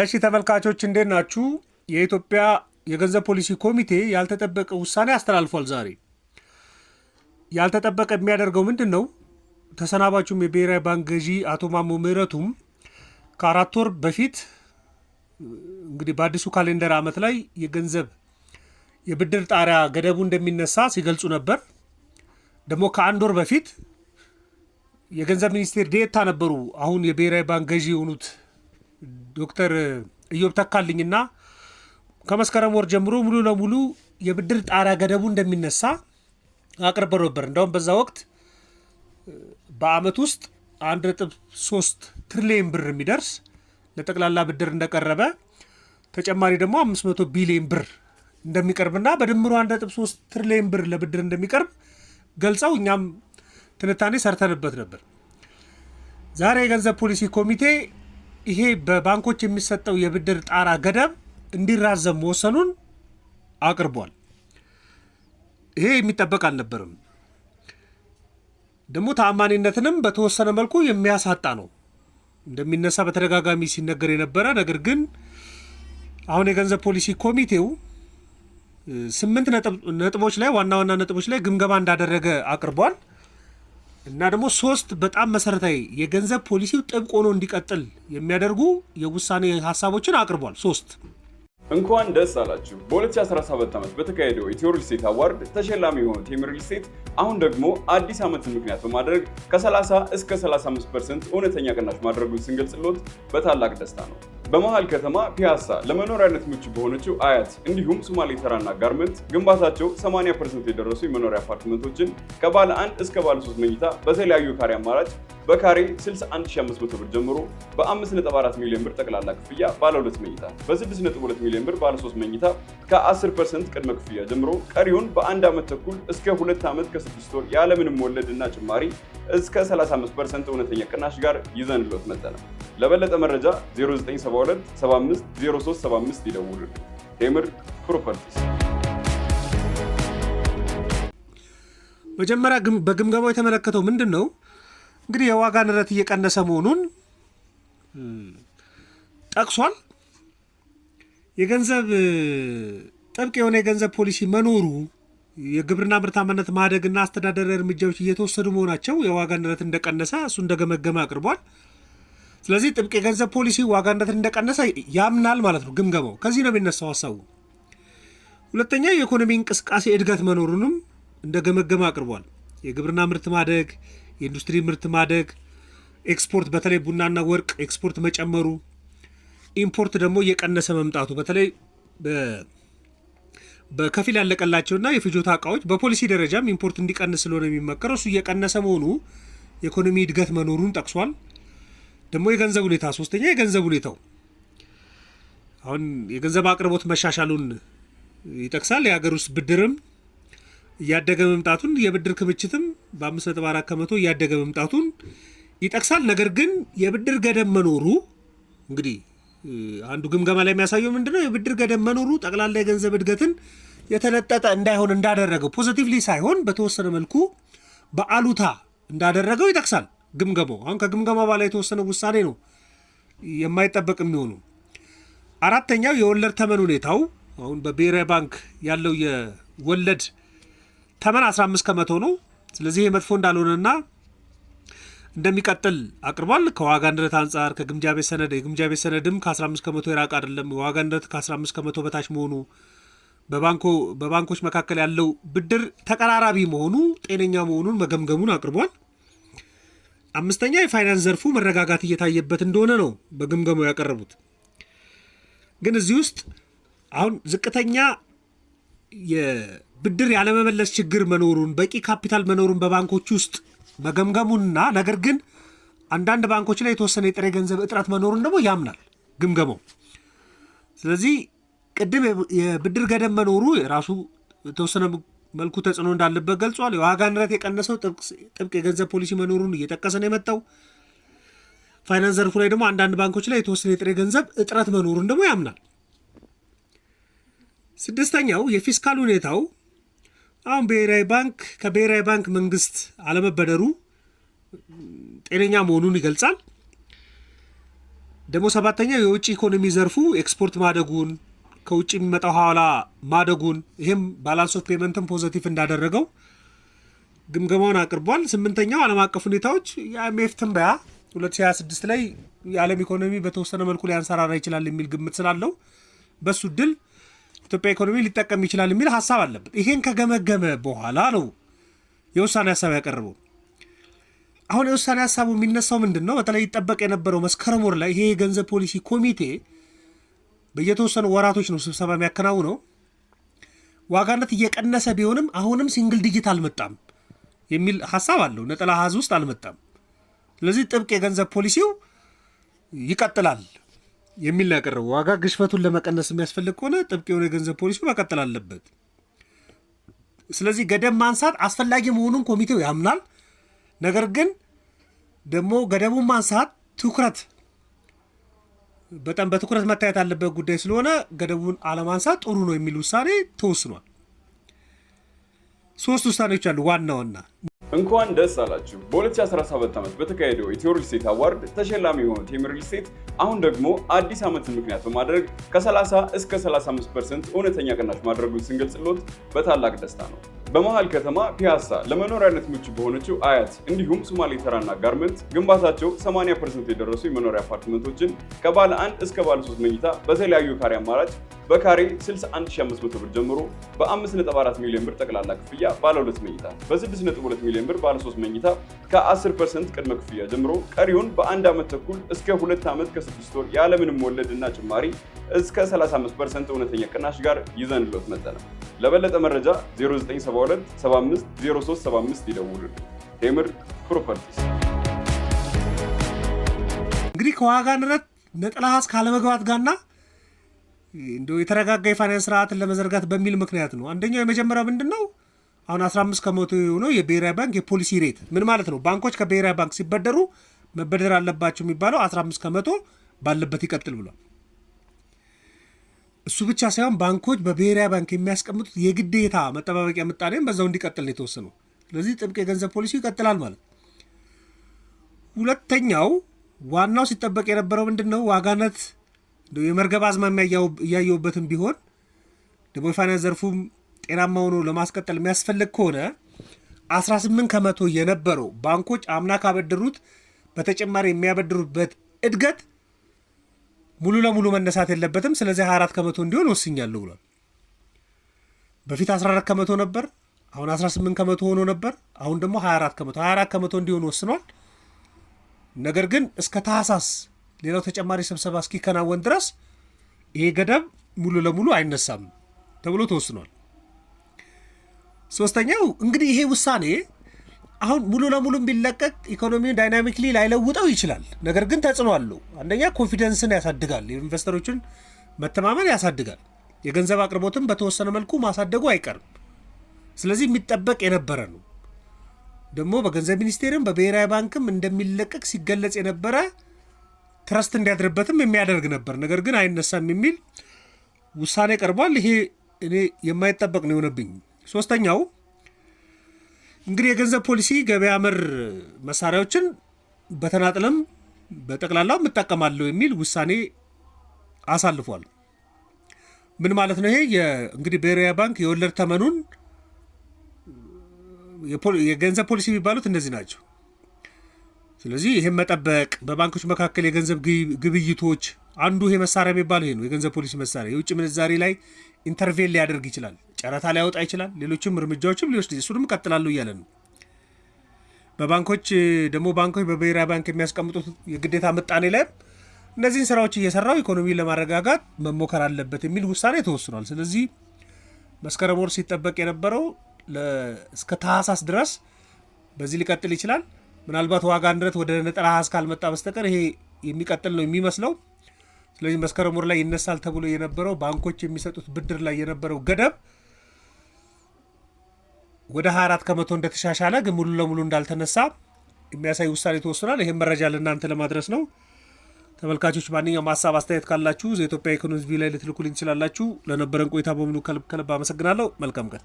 እሺ ተመልካቾች እንዴት ናችሁ? የኢትዮጵያ የገንዘብ ፖሊሲ ኮሚቴ ያልተጠበቀ ውሳኔ አስተላልፏል። ዛሬ ያልተጠበቀ የሚያደርገው ምንድን ነው? ተሰናባቹም የብሔራዊ ባንክ ገዢ አቶ ማሞ ምህረቱም ከአራት ወር በፊት እንግዲህ በአዲሱ ካሌንደር ዓመት ላይ የገንዘብ የብድር ጣሪያ ገደቡ እንደሚነሳ ሲገልጹ ነበር። ደግሞ ከአንድ ወር በፊት የገንዘብ ሚኒስቴር ዴታ ነበሩ አሁን የብሔራዊ ባንክ ገዢ የሆኑት ዶክተር እዮብ ተካልኝና ከመስከረም ወር ጀምሮ ሙሉ ለሙሉ የብድር ጣሪያ ገደቡ እንደሚነሳ አቅርበ ነበር። እንደውም በዛ ወቅት በአመት ውስጥ አንድ ነጥብ ሶስት ትሪሊየን ብር የሚደርስ ለጠቅላላ ብድር እንደቀረበ ተጨማሪ ደግሞ አምስት መቶ ቢሊየን ብር እንደሚቀርብና በድምሩ አንድ ነጥብ ሶስት ትሪሊየን ብር ለብድር እንደሚቀርብ ገልጸው እኛም ትንታኔ ሰርተንበት ነበር። ዛሬ የገንዘብ ፖሊሲ ኮሚቴ ይሄ በባንኮች የሚሰጠው የብድር ጣራ ገደብ እንዲራዘም መወሰኑን አቅርቧል። ይሄ የሚጠበቅ አልነበርም። ደግሞ ተአማኒነትንም በተወሰነ መልኩ የሚያሳጣ ነው። እንደሚነሳ በተደጋጋሚ ሲነገር የነበረ ነገር ግን አሁን የገንዘብ ፖሊሲ ኮሚቴው ስምንት ነጥቦች ላይ ዋና ዋና ነጥቦች ላይ ግምገማ እንዳደረገ አቅርቧል። እና ደግሞ ሶስት በጣም መሰረታዊ የገንዘብ ፖሊሲው ጥብቅ ሆኖ እንዲቀጥል የሚያደርጉ የውሳኔ ሀሳቦችን አቅርቧል። ሶስት እንኳን ደስ አላችሁ። በ2017 ዓመት በተካሄደው የቴዎሪ ሪልስቴት አዋርድ ተሸላሚ የሆኑት ቴምር ሪልስቴት አሁን ደግሞ አዲስ ዓመትን ምክንያት በማድረግ ከ30 እስከ 35 ፐርሰንት እውነተኛ ቅናሽ ማድረጉን ስንገልጽሎት በታላቅ ደስታ ነው። በመሃል ከተማ ፒያሳ፣ ለመኖሪያነት ምቹ በሆነችው አያት እንዲሁም ሶማሌ ተራና ጋርመንት ግንባታቸው 80 ፐርሰንት የደረሱ የመኖሪያ አፓርትመንቶችን ከባለ አንድ እስከ ባለ ሶስት መኝታ በተለያዩ የካሬ አማራጭ በካሬ 61500 ብር ጀምሮ በ5.4 ሚሊዮን ብር ጠቅላላ ክፍያ ባለ 2 መኝታ በ6.2 ሚሊዮን ብር ባለ 3 መኝታ ከ10 ፐርሰንት ቅድመ ክፍያ ጀምሮ ቀሪውን በአንድ ዓመት ተኩል እስከ ሁለት ዓመት ከስድስት ወር ያለምንም ወለድና ጭማሪ እስከ 35% እውነተኛ ቅናሽ ጋር ይዘንልዎት መጠናል። ለበለጠ መረጃ 0972750375 ይደውሉ። ቴምር ፕሮፐርቲስ። መጀመሪያ በግምገማው የተመለከተው ምንድን ነው? እንግዲህ የዋጋ ንረት እየቀነሰ መሆኑን ጠቅሷል። የገንዘብ ጥብቅ የሆነ የገንዘብ ፖሊሲ መኖሩ የግብርና ምርታማነት ማደግና አስተዳደር እርምጃዎች እየተወሰዱ መሆናቸው የዋጋ ንረት እንደቀነሰ እሱ እንደገመገመ አቅርቧል። ስለዚህ ጥብቅ የገንዘብ ፖሊሲ ዋጋ ንረት እንደቀነሰ ያምናል ማለት ነው ግምገማው። ከዚህ ነው የሚነሳው ሀሳቡ። ሁለተኛ የኢኮኖሚ እንቅስቃሴ እድገት መኖሩንም እንደገመገመ አቅርቧል። የግብርና ምርት ማደግ፣ የኢንዱስትሪ ምርት ማደግ፣ ኤክስፖርት በተለይ ቡናና ወርቅ ኤክስፖርት መጨመሩ፣ ኢምፖርት ደግሞ እየቀነሰ መምጣቱ በተለይ በከፊል ያለቀላቸውና የፍጆታ እቃዎች በፖሊሲ ደረጃም ኢምፖርት እንዲቀንስ ስለሆነ የሚመከረው እሱ እየቀነሰ መሆኑ የኢኮኖሚ እድገት መኖሩን ጠቅሷል። ደግሞ የገንዘብ ሁኔታ ሶስተኛ የገንዘብ ሁኔታው አሁን የገንዘብ አቅርቦት መሻሻሉን ይጠቅሳል። የሀገር ውስጥ ብድርም እያደገ መምጣቱን የብድር ክምችትም በአምስት ነጥብ አራት ከመቶ እያደገ መምጣቱን ይጠቅሳል። ነገር ግን የብድር ገደብ መኖሩ እንግዲህ አንዱ ግምገማ ላይ የሚያሳየው ምንድነው የብድር ገደብ መኖሩ ጠቅላላ የገንዘብ እድገትን የተለጠጠ እንዳይሆን እንዳደረገው ፖዚቲቭሊ ሳይሆን በተወሰነ መልኩ በአሉታ እንዳደረገው ይጠቅሳል ግምገማው። አሁን ከግምገማ በኋላ የተወሰነ ውሳኔ ነው የማይጠበቅ የሚሆኑ። አራተኛው የወለድ ተመን ሁኔታው አሁን በብሔራዊ ባንክ ያለው የወለድ ተመን 15 ከመቶ ነው። ስለዚህ የመጥፎ እንዳልሆነና እንደሚቀጥል አቅርቧል። ከዋጋ ንረት አንጻር ከግምጃ ቤት ሰነድ የግምጃ ቤት ሰነድም ከ15 ከመቶ የራቅ አይደለም። የዋጋ ንረት ከ15 ከመቶ በታች መሆኑ በባንኮች መካከል ያለው ብድር ተቀራራቢ መሆኑ ጤነኛ መሆኑን መገምገሙን አቅርቧል። አምስተኛ የፋይናንስ ዘርፉ መረጋጋት እየታየበት እንደሆነ ነው በግምገማው ያቀረቡት። ግን እዚህ ውስጥ አሁን ዝቅተኛ ብድር ያለመመለስ ችግር መኖሩን በቂ ካፒታል መኖሩን በባንኮች ውስጥ መገምገሙና ነገር ግን አንዳንድ ባንኮች ላይ የተወሰነ የጥሬ ገንዘብ እጥረት መኖሩን ደግሞ ያምናል ግምገመው ስለዚህ ቅድም የብድር ገደብ መኖሩ የራሱ የተወሰነ መልኩ ተጽዕኖ እንዳለበት ገልጿል። የዋጋ ንረት የቀነሰው ጥብቅ የገንዘብ ፖሊሲ መኖሩን እየጠቀሰ ነው የመጣው። ፋይናንስ ዘርፉ ላይ ደግሞ አንዳንድ ባንኮች ላይ የተወሰነ የጥሬ ገንዘብ እጥረት መኖሩን ደግሞ ያምናል። ስድስተኛው የፊስካል ሁኔታው አሁን ብሔራዊ ባንክ ከብሔራዊ ባንክ መንግስት አለመበደሩ ጤነኛ መሆኑን ይገልጻል። ደግሞ ሰባተኛው የውጭ ኢኮኖሚ ዘርፉ ኤክስፖርት ማደጉን ከውጭ የሚመጣው ሐዋላ ማደጉን ይህም ባላንስ ኦፍ ፔመንትን ፖዘቲቭ እንዳደረገው ግምገማውን አቅርቧል። ስምንተኛው ዓለም አቀፍ ሁኔታዎች የአይኤምኤፍ ትንበያ 2026 ላይ የዓለም ኢኮኖሚ በተወሰነ መልኩ ሊያንሰራራ ይችላል የሚል ግምት ስላለው በሱ ድል ኢትዮጵያ ኢኮኖሚ ሊጠቀም ይችላል የሚል ሀሳብ አለበት። ይሄን ከገመገመ በኋላ ነው የውሳኔ ሀሳብ ያቀርበው። አሁን የውሳኔ ሀሳቡ የሚነሳው ምንድን ነው? በተለይ ይጠበቅ የነበረው መስከረም ወር ላይ ይሄ የገንዘብ ፖሊሲ ኮሚቴ በየተወሰኑ ወራቶች ነው ስብሰባ የሚያከናውነው። ዋጋነት እየቀነሰ ቢሆንም አሁንም ሲንግል ዲጂት አልመጣም የሚል ሀሳብ አለው። ነጠላ አሃዝ ውስጥ አልመጣም። ስለዚህ ጥብቅ የገንዘብ ፖሊሲው ይቀጥላል የሚል ያቀረበው ዋጋ ግሽበቱን ለመቀነስ የሚያስፈልግ ከሆነ ጥብቅ የሆነ የገንዘብ ፖሊሲ መቀጠል አለበት። ስለዚህ ገደብ ማንሳት አስፈላጊ መሆኑን ኮሚቴው ያምናል። ነገር ግን ደግሞ ገደቡን ማንሳት ትኩረት በጣም በትኩረት መታየት አለበት ጉዳይ ስለሆነ ገደቡን አለማንሳት ጥሩ ነው የሚል ውሳኔ ተወስኗል። ሶስት ውሳኔዎች አሉ ዋና ዋና እንኳን ደስ አላችሁ! በ2017 ዓመት በተካሄደው የቴዎር ስቴት አዋርድ ተሸላሚ የሆኑት ቴምር ስቴት አሁን ደግሞ አዲስ ዓመትን ምክንያት በማድረግ ከ30 እስከ 35 ፐርሰንት እውነተኛ ቅናሽ ማድረጉን ስንገልጽሎት በታላቅ ደስታ ነው። በመሃል ከተማ ፒያሳ፣ ለመኖሪያነት ምቹ በሆነችው አያት እንዲሁም ሶማሌ ተራና ጋርመንት ግንባታቸው 80 ፐርሰንት የደረሱ የመኖሪያ አፓርትመንቶችን ከባለ አንድ እስከ ባለ ሶስት መኝታ በተለያዩ የካሬ አማራጭ በካሬ 61500 ብር ጀምሮ በ5.4 ሚሊዮን ብር ጠቅላላ ክፍያ ባለ 2 መኝታ በ6.2 ሚሊዮን ብር ባለ 3 መኝታ ከ10 ፐርሰንት ቅድመ ክፍያ ጀምሮ ቀሪውን በአንድ ዓመት ተኩል እስከ 2 ዓመት ከስድስት ወር ያለምንም ወለድና ጭማሪ እስከ 35 ፐርሰንት እውነተኛ ቅናሽ ጋር ይዘንሎት መጠነ ለበለጠ መረጃ 0972750375 ይደውሉን። ቴምር ፕሮፐርቲስ። እንግዲህ ከዋጋ ንረት ነጠላ ሀስ ካለመግባት ጋርና እንዲሁ የተረጋጋ የፋይናንስ ስርዓትን ለመዘርጋት በሚል ምክንያት ነው። አንደኛው የመጀመሪያው ምንድን ነው? አሁን 15 ከመቶ የሆነው የብሔራዊ ባንክ የፖሊሲ ሬት ምን ማለት ነው? ባንኮች ከብሔራዊ ባንክ ሲበደሩ መበደር አለባቸው የሚባለው 15 ከመቶ ባለበት ይቀጥል ብሏል። እሱ ብቻ ሳይሆን ባንኮች በብሔራዊ ባንክ የሚያስቀምጡት የግዴታ መጠባበቂያ ምጣኔም በዛው እንዲቀጥል ነው የተወሰነው። ስለዚህ ጥብቅ የገንዘብ ፖሊሲ ይቀጥላል ማለት። ሁለተኛው ዋናው ሲጠበቅ የነበረው ምንድን ነው? ዋጋነት የመርገብ አዝማሚያ እያየውበትም ቢሆን ደግሞ የፋይናንስ ዘርፉም ጤናማ ሆኖ ለማስቀጠል የሚያስፈልግ ከሆነ 18 ከመቶ የነበረው ባንኮች አምና ካበደሩት በተጨማሪ የሚያበድሩበት እድገት ሙሉ ለሙሉ መነሳት የለበትም ስለዚህ 24 ከመቶ እንዲሆን ወስኛለሁ ብሏል። በፊት 14 ከመቶ ነበር፣ አሁን 18 ከመቶ ሆኖ ነበር። አሁን ደግሞ 24 ከመቶ 24 ከመቶ እንዲሆን ወስኗል። ነገር ግን እስከ ታህሳስ ሌላው ተጨማሪ ስብሰባ እስኪከናወን ድረስ ይሄ ገደብ ሙሉ ለሙሉ አይነሳም ተብሎ ተወስኗል። ሶስተኛው እንግዲህ ይሄ ውሳኔ አሁን ሙሉ ለሙሉ ቢለቀቅ ኢኮኖሚውን ዳይናሚክሊ ላይለውጠው ይችላል። ነገር ግን ተጽዕኖ አለው። አንደኛ ኮንፊደንስን ያሳድጋል፣ የኢንቨስተሮችን መተማመን ያሳድጋል። የገንዘብ አቅርቦትን በተወሰነ መልኩ ማሳደጉ አይቀርም። ስለዚህ የሚጠበቅ የነበረ ነው። ደግሞ በገንዘብ ሚኒስቴርም በብሔራዊ ባንክም እንደሚለቀቅ ሲገለጽ የነበረ ትረስት እንዲያድርበትም የሚያደርግ ነበር። ነገር ግን አይነሳም የሚል ውሳኔ ቀርቧል። ይሄ እኔ የማይጠበቅ ነው የሆነብኝ። ሶስተኛው እንግዲህ የገንዘብ ፖሊሲ ገበያ መር መሳሪያዎችን በተናጥለም በጠቅላላው እምጠቀማለሁ የሚል ውሳኔ አሳልፏል። ምን ማለት ነው? ይሄ እንግዲህ ብሔራዊ ባንክ የወለድ ተመኑን የገንዘብ ፖሊሲ የሚባሉት እነዚህ ናቸው። ስለዚህ ይህም መጠበቅ በባንኮች መካከል የገንዘብ ግብይቶች አንዱ ይሄ መሳሪያ የሚባለው ይሄ ነው። የገንዘብ ፖሊሲ መሳሪያ የውጭ ምንዛሬ ላይ ኢንተርቬን ሊያደርግ ይችላል። ጨረታ ሊያወጣ ይችላል። ሌሎችም እርምጃዎችም ሊወስድ እሱ ቀጥላሉ እያለ ነው። በባንኮች ደግሞ ባንኮች በብሔራዊ ባንክ የሚያስቀምጡት የግዴታ ምጣኔ ላይም እነዚህን ስራዎች እየሰራው ኢኮኖሚን ለማረጋጋት መሞከር አለበት የሚል ውሳኔ ተወስኗል። ስለዚህ መስከረም ወር ሲጠበቅ የነበረው እስከ ታህሳስ ድረስ በዚህ ሊቀጥል ይችላል። ምናልባት ዋጋ ንረት ወደ ነጠላ ሀስ ካልመጣ በስተቀር ይሄ የሚቀጥል ነው የሚመስለው። ስለዚህ መስከረም ወር ላይ ይነሳል ተብሎ የነበረው ባንኮች የሚሰጡት ብድር ላይ የነበረው ገደብ ወደ 24 ከመቶ እንደተሻሻለ ግን ሙሉ ለሙሉ እንዳልተነሳ የሚያሳይ ውሳኔ ተወስኗል። ይህም መረጃ ለእናንተ ለማድረስ ነው። ተመልካቾች ማንኛውም ሀሳብ አስተያየት ካላችሁ ዘኢትዮጵያ ኢኮኖሚ ላይ ልትልኩልኝ ትችላላችሁ። ለነበረን ቆይታ በሙሉ ከልብ ከልብ አመሰግናለሁ። መልካም ቀን